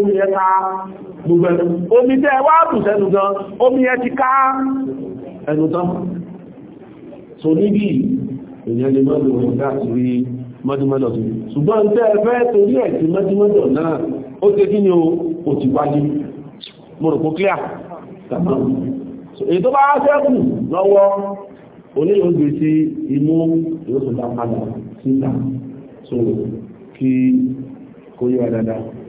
omi ẹ ká gbogbo ẹnu omi tẹ́ wá bù sẹ́nu gan omi ẹ ti ká ẹnu tán so níbi èèyàn lè mọ́lù láti rí mọ́dúnmọ́dọ̀ sí ṣùgbọ́n tẹ́ fẹ́ torí ẹ̀ sí mọ́dúnmọ́dọ̀ náà ó tẹ́ kí ni ó ti wáyé mọ̀rọ̀kú clear tamam èyí tó bá sẹ́kù lọ́wọ́ oníyànjú sí imú yóò tó dá padà síta so kí kó yíwa dáadáa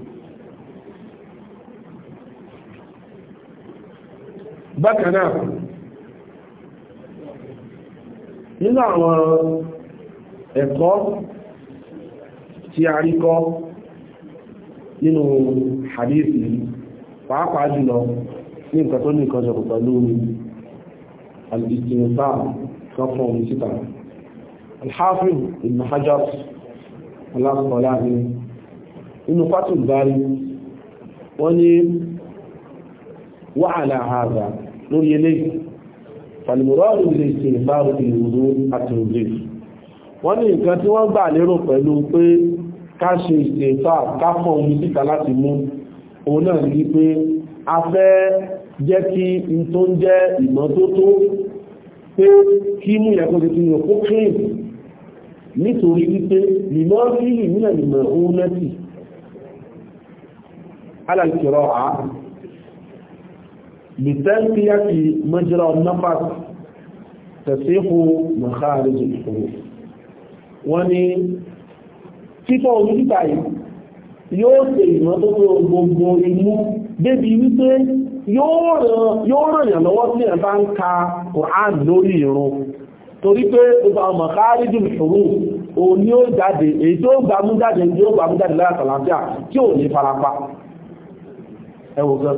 bákanáà nínú àwọn ẹ̀kọ́ tí a rí kọ́ nínú hadithi pàápàá jùlọ ní nǹkan tó ní nǹkan ṣọ̀pọ̀ pẹ̀lú alìsìnbá kọfún omi síta alhafiz ibn hajar alákọ̀ọ́lá ní inú pátùl bari wọ́n ni wa'ala hadha lórí eléyìí fàlìmùrọ́ọ̀lù lè ṣe ìbáru ìrùrù àti òjè wọ́n ní nǹkan tí wọ́n gbà lérò pẹ̀lú pé ká ṣe ìṣẹ̀fà káfọ́ omi síta láti mú òun náà ní pé a fẹ́ jẹ́ kí n tó ń jẹ́ ìmọ́tótó pé kí mú yẹ kó ti بتلقية مجرى النفس تصيح مخارج الحروف وني títọ́ oríta yìí yóò ṣe ìmọ́tótó gbogbo imú débi wípé yóò ràn lọ́wọ́ sí ẹ̀ bá ń ka Quran lórí ìrun torí pé gbogbo àwọn mọ̀káríjù ìṣòro o ní ó jáde èyí tó gbàmújáde ní ó gbàmújáde lára tàlàfíà tí ò ní farapa ẹwùgán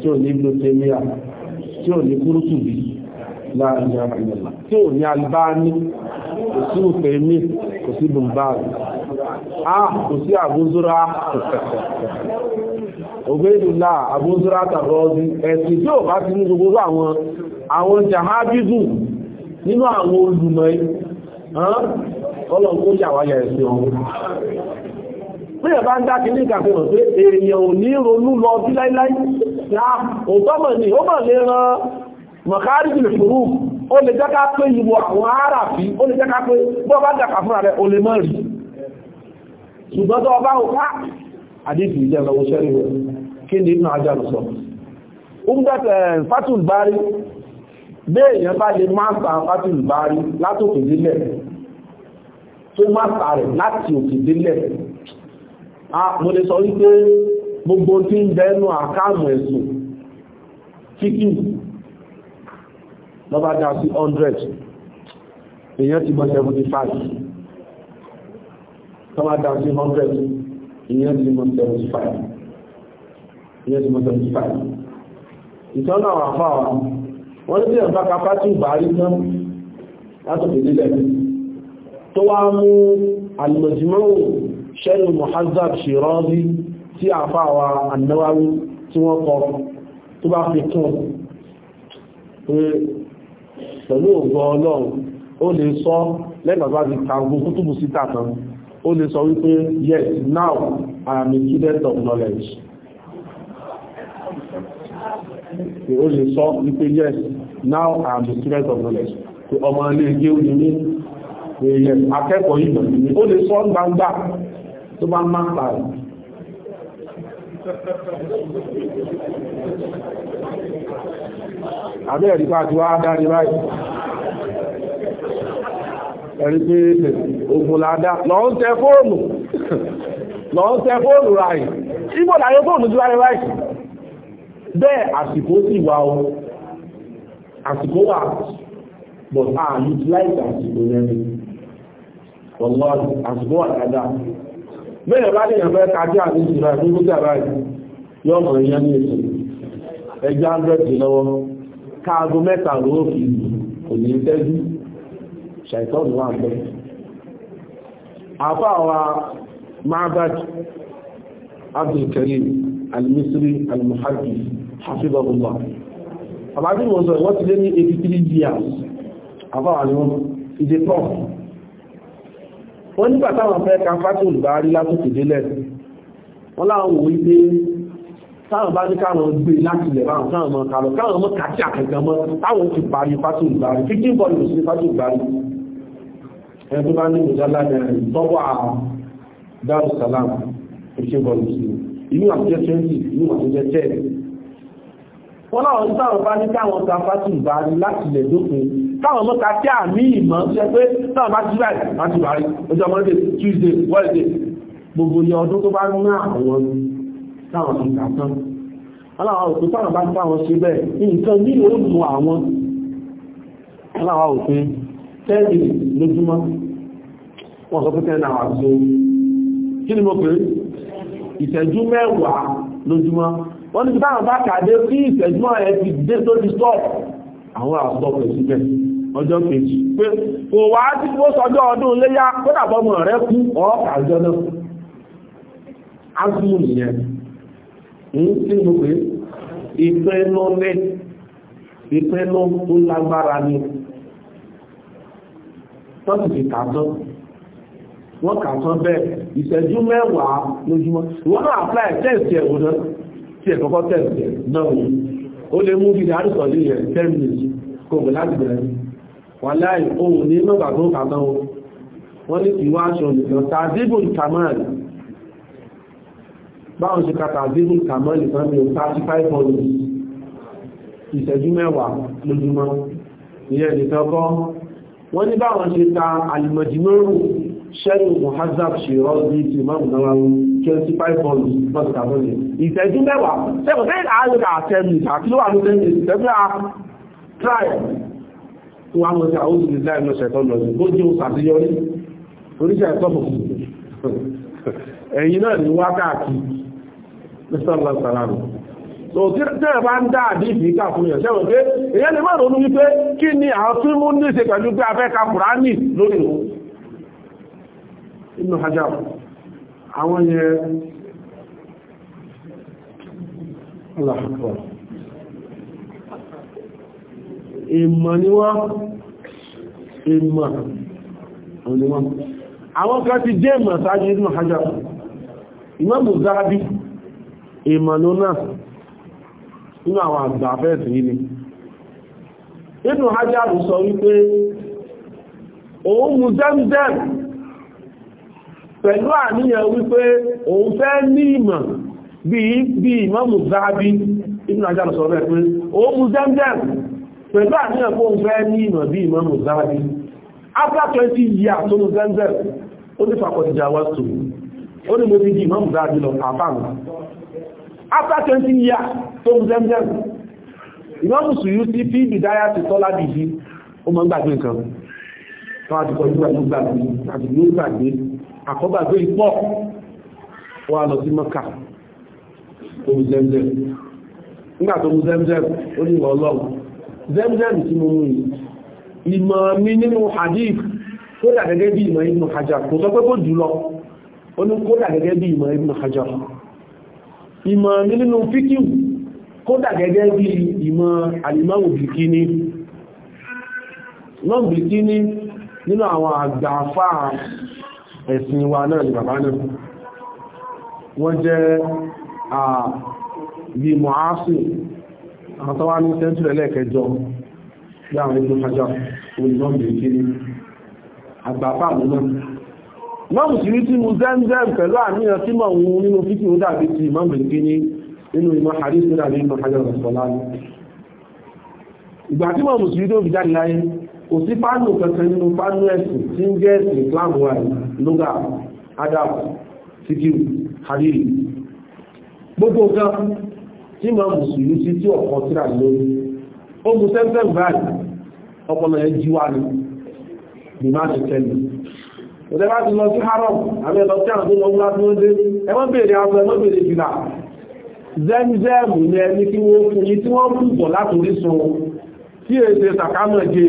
tí ò ní blotemia tí ò ní kúrúkùbí láàrin ìrìnlá tí ò ní albani kò sí òfèémí kò sí bùnbáàrù a kò sí àbúzúra ògbédùlá àbúzúra tàbí ẹ̀sìn tí ò bá ti ní gbogbo àwọn àwọn jahabizu nínú àwọn olùmọ̀ ọlọ́run kó yàwáyà ẹ̀sìn ọ̀hún pé ẹ̀bá ń dá kìíní ìkàfihàn pé èèyàn ò ní ronú lọ bí láíláí òtọ́mọ̀ ni ó mọ̀ lè ran mọ̀káríjì lè fòrú ó lè jẹ́ ká pé ìwọ àwọn ará fi ó lè jẹ́ ká pé bọ́ bá jàkà fúnra rẹ̀ ó lè mọ́ rí ṣùgbọ́n tó ọba òpá àdíjì ìjẹ́ lọ́wọ́ sẹ́rí rẹ̀ kí ni ìbìnà ajá lọ́sọ̀ umdẹ́tẹ̀ eh, fatul bari béèyàn bá lè máa sa fatul bari látòkè délẹ̀ tó máa sa rẹ̀ láti òkè délẹ̀ ah, mo lè sọ gbogbo tí ń bẹ́ẹ̀nù àkáàmù ẹ̀sùn kíkì lọ́bá dá sí 100 èyàn ti mọ̀ 75 lọ́bá dá sí 100 èyàn ti mọ̀ 75 èyàn ti mọ̀ 75 ìtọ́nà àwọn àfáà wọ́n ní ẹ̀bá kapá tí ìbá rí náà látòkè nílẹ̀ tó wá mú alìmọ̀jìmọ́ ṣẹ́lù Muhazzab Shirazi tí àfá wa An-Nawawi tí wọ́n kọ tó bá fi kún pé pẹ̀lú ògbọ́ ọlọ́run ó lè sọ lẹ́gbàá bá ti kàgbó kútùbù síta kan ó lè sọ wípé yes now I am a student of knowledge ó lè sọ wípé yes now I am a student of knowledge pé ọmọ ilé ìgbé ó ní ní pé yes akẹ́kọ̀ọ́ ìgbà ó lè sọ gbangba tó bá máa pààrọ̀ àbẹ́ ẹ̀rí bá wá dárí báyìí ẹ̀rí pé ogun láadá lọ ń tẹ fóònù lọ ń tẹ fóònù o àsìkò but a utilize àsìkò rẹ̀ àsìkò wà bẹ́ẹ̀ bá lèyàn fẹ́ kájá ní ìjìnlẹ̀ tó gbé jà báyìí yọ́ mọ̀ èèyàn ní èsì ẹjá bẹ́ẹ̀tì lọ́wọ́ káàgó mẹ́ta ló fi kò ní tẹ́jú ṣàìtọ́nù wà bẹ́ẹ̀ àfá wa Ma'bad Abdulkarim Al-Misri Al-Muhajji hafizahullah àbájú wọn sọ ìwọ́n ti lé ní 83 years àfá wa ni wọ́n ti dé wọ́n nígbà táwọn fẹ́ ka fásitì olùbárí látòkè délẹ̀ wọ́n láwọn wò wípé táwọn bá ní káwọn gbé láti ilẹ̀ báwọn káwọn mọ́ kálọ káwọn mọ́ kàtí àkẹ́kẹ́ mọ́ táwọn ti parí fásitì olùbárí fífín bọ́ọ̀lù sí fásitì olùbárí ẹni tó bá ní ìjọba tọ́wọ́ àwọn Darussalam fífín bọ́ọ̀lù sí inú àtúnjẹ́ 20 inú àtúnjẹ́ 10 wọ́n láwọn ìtàwọn bá ní káwọn ọ̀tà fásitì ìbá rí láti lè dópin káwọn mọ́ta tí à mí ìmọ̀ ṣe pé náà bá ti báyìí láti bá rí ọjọ́ monday tuesday wednesday gbogbo ní ọdún tó bá ń ná àwọn táwọn ti gbà tán aláwọn òfin táwọn bá táwọn ṣe bẹ́ẹ̀ nǹkan ní oògùn àwọn aláwọn òfin tẹ́ẹ̀lì lójúmọ́ wọ́n sọ pé tẹ́ẹ̀lì àwọn àti kí ni mo pè ìṣẹ́jú mẹ́wàá lójúmọ́ wọ́n ní báwọn bá kàdé kí ìtẹ̀júmọ́ ẹ̀ ti dé tó ti stop àwọn àstọ́pẹ̀ síbẹ̀ ọjọ́ kejì pé kò wá tí ó sọjọ́ ọdún léyá kódà bọ́mọ rẹ̀ kú ọ̀ọ́kà àjọ náà á kú nìyẹn ń tí mo pé ìpinnu ní ìpinnu tó lágbára ni tọ́sì fi kàtọ́ wọ́n kàtọ́ bẹ́ẹ̀ ìṣẹ́jú mẹ́wàá lójúmọ́ ìwọ́n náà apply test ẹ̀wọ̀n náà tí ẹ̀ kọ́kọ́ tẹ̀sẹ̀ náà ni ó lè mú bíi àrísọ̀ ní ẹ̀ ten minutes kò bẹ̀ láti bẹ̀rẹ̀ wà láì ohun ní mọ́gbà tó kàtọ́ wọ́n ní kí wá aṣọ nìkan tàbíbùn kamal báwọn ṣe ka tàbíbùn kamal nìkan ní 35 minutes ìṣẹ́jú mẹ́wàá lójúmọ́ ìyẹn nìkan kọ́ wọ́n ní báwọn ṣe ta alìmọ̀dìmọ́rù sẹ́rù muhazzab shirazi ti imam nawawi 25 minutes ìṣẹ́jú mẹ́wàá sẹ́wọ̀n tẹ́lẹ̀ àárẹ̀ àtẹ́lù àti ló wà ló tẹ́lẹ̀ ìṣẹ́jú à tráì tó wà mọ́sí àwọn òṣìṣẹ́ ìlà ìmọ̀ ṣẹ̀tọ́ lọ sí tó jẹ́ òṣàṣeyọrí oríṣẹ́ ẹ̀tọ́ bọ̀ ẹ̀yìn náà ní wákàtí lọ́sọ̀lọ́sọ̀lọ́rùn tẹ́rẹ̀ bá ń dá àdífì ká fún yẹ̀ sẹ́wọ̀n pé èyẹ́ lè máa ronú wípé kí ni àwọn tí mú ní ṣe pẹ̀lú pé afẹ́ ka Kùránì lórí inú hajjab àwọn yẹn aláàpọ̀ ìmọ̀ ni wọ́n ìmọ̀ ni wọ́n àwọn kan ti jẹ́ ìmọ̀ sáájú ìmọ̀ hajjá ìmọ̀mù záábí ìmọ̀ ló náà nínú àwọn àgbà fẹ́ẹ̀sì yìí ni nínú hajjá sọ wípé òun mú zẹ́mzẹ́m pẹ̀lú àníyàn wípé òun fẹ́ ní ìmọ̀ bí ìmọ́mù záábí inú àjálù sọ rẹ̀ pé o mú zemzem pẹ̀lú àníyàn kó ń fẹ́ ní ìmọ̀ bí ìmọ́mù záábí after 20 years tó mú zemzem ó ní fàkọ̀tìjà wọ́stù ó ní mo ti di ìmọ́mù záábí lọ àbámu after 20 years tó mú zemzem ìmọ́mù sùúrù sí fi ìdáyà ti tọ́lá dìbí ó mọ́ gbàgbé nǹkan tó àti kọjú àti gbàgbé àkọ́gbàgbé ìpọ̀ wà lọ sí mọ́kà tó mú zemzem nígbà tó mú zemzem ó ní zemzem tí mo mú ìmọ̀ mi nínú hadith tó dà gẹ́gẹ́ bí ìmọ̀ Ibn Hajar kò sọ pé kó jùlọ ó ní kó dà gẹ́gẹ́ bí ìmọ̀ Ibn Hajar ìmọ̀ mi nínú fíkíù kó dà bí ìmọ̀ alimáwò bìkíní wa náà ni bàbá náà bí mọ̀ásù àwọn tó wá ní sẹ́ńtúrẹ̀ lẹ́ẹ̀kẹjọ bí àwọn ìlú hajjá olùgbọ́n bèèrè àgbàfà múná mọ́mù sí rí tí mú zẹ́mzẹ́m pẹ̀lú àníyàn tí mọ̀ òun nínú fífì ó dàbí ti mọ́mù bèèrè ní nínú ìmọ̀ àdísí dàbí ìmọ̀ hajjá rọ̀sọ̀lá ní ìgbà tí mọ̀mù sí rí tó fi jáde láyé kò sí pánù kankan nínú pánù ẹ̀sìn tí ń jẹ́ ẹ̀sìn Islam adam sikiru hadiri gbogbo nǹkan tí ma mùsùlùmí sí tí ọ̀kan tíra lórí ó mú sẹ́ńtẹ́m báyìí ọpọlọ yẹn jíwá ni ní máa ti tẹ́lẹ̀ òtẹ́ bá ti lọ sí haram àmì ẹ̀lọ tí àwọn tó lọ wúlá tí wọ́n dé ẹ má béèrè aṣọ ẹ má béèrè fìlà zẹ́mzẹ́mù ni ẹni tí wọ́n fún yí tí wọ́n kú bọ̀ látòrí sun tí èsè sàkámọ̀ jẹ́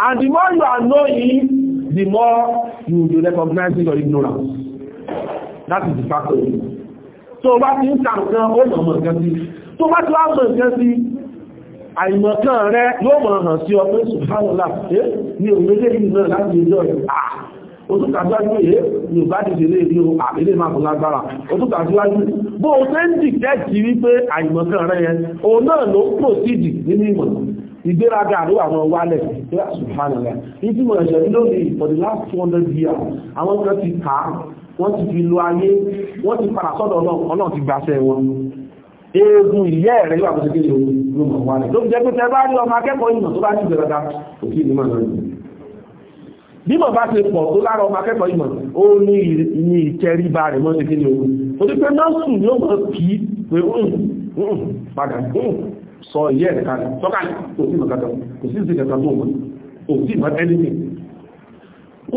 And the more you are knowing, the more you will be recognizing your ignorance. That is the fact of it. So bá ti ń ka nǹkan ó mọ̀ mọ̀ No sí. Tó bá ti wá mọ̀ nǹkan sí, àìmọ̀kan rẹ yóò mọ̀ hàn sí ọpẹ́ ṣùgbọ́nlá pé eh, ní òmìnirẹ́ ìlú náà láti ẹjọ́ rẹ̀. Òtútàjúwájú èé eh, ni ìbá ti délé ní àbílé máa fún lágbára. Òtútàjúwájú bó o ṣe ń dìkẹ́ ti wípé àìmọ̀kan rẹ yẹn, òun náà ló pòsídì nínú ìmọ̀ ìgbéraga àríwá àwọn wálẹ̀ ìgbé subhanallah ìdí mọ̀ ẹ̀ṣẹ̀ lónìí for the last 200 years àwọn kan ti kà á wọ́n ti fi lo ayé wọ́n ti padà sọ́dọ̀ ọlọ́run ti gbàṣẹ́ wọn eegun ìyẹ́ rẹ̀ yóò àkọsí kéde ló mọ̀ wá rẹ̀ tó fi jẹ́ pé tẹ́ bá rí ọmọ akẹ́kọ̀ọ́ ìmọ̀ tó bá ní ìgbéraga kò sí ìmọ̀ náà yìí bímọ̀ bá ṣe pọ̀ tó lára ọmọ akẹ́kọ̀ọ́ ìmọ̀ ó ní ìtẹríba rẹ̀ mọ́ ṣe kéde ogun torí pé náà sùn yóò mọ̀ kí sọ ihe ẹ̀ka sọ́kà kò sí ìmọ̀kàtà sí ìsìnkẹta tó mọ̀ kò sí ìmọ̀ kò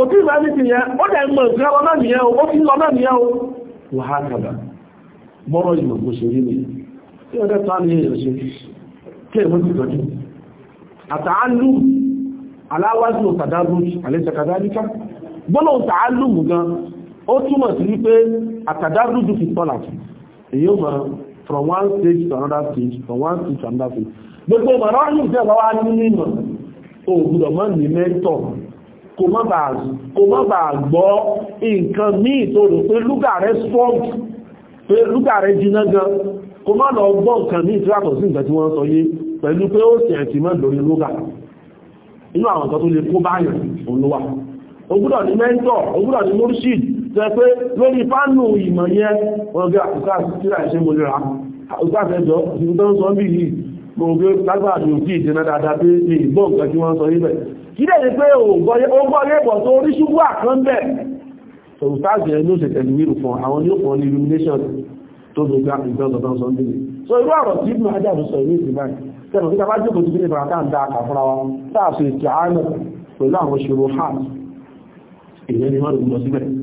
sí ìmọ̀ anything yẹn ó dẹ̀ mọ̀ ìsìn lọ náà nìyẹn ó fi lọ náà nìyẹn o wà á kàdà mọ́rọ̀ ìmọ̀ kò ṣe rí mi tí ọdẹ tó ní èèyàn ṣe kí èèmọ̀ ti tọ́jú aláwájú gbọ́nà from one stage to another stage from one stage to another stage gbogbo ìmọ̀ràn yìí jẹ́ ọ̀rọ̀ wa nínú ìmọ̀ o gbọ́dọ̀ mọ́ ní mẹ́tọ̀ kò má bàa gbọ́ nǹkan míì tó rò pé lúgà rẹ̀ strong pé lúgà rẹ̀ jiná gan kò má lọ gbọ́ nǹkan míì tó yàtọ̀ sí nǹkan tí wọ́n sọ yé pẹ̀lú pé ó sì ẹ̀tì mọ́ lórí lúgà inú àwọn nǹkan tó lè kó báyàn òun ló wà o gbọ́dọ̀ ní mẹ́tọ̀ o gbọ́dọ̀ ní múrṣìdì tẹ́ lórí fánù ìmọ̀ yẹn wọ́n gbé àkùkà tíra ìṣe mo lè ṣe tẹ̀lú wíru fún àwọn ní ó ní illumination tó ló gbá ìjọ́ ọ̀dọ́ sunday so irú ọ̀rọ̀ tí ibùn ajá ló sọ ìlú ìgbà tẹ́lọ̀ tí tàbá jókòó ti gbé ìbára tá ń da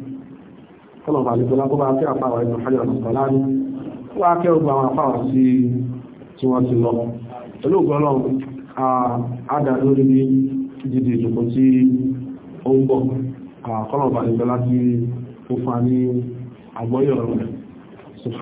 tọ́lọ̀bà àlejòlá kó bá fẹ́ àpáwà inú hajjá lọ́sọ̀ láàrin wá kẹ́ ogun àwọn àpáwà sí tí wọ́n ti lọ a àádà lórí ní dìde ìjòkó tí ó ń bọ̀ kọ́lọ̀bà àlejòlá tí ó fa ní àgbọ́yọ̀ rẹ̀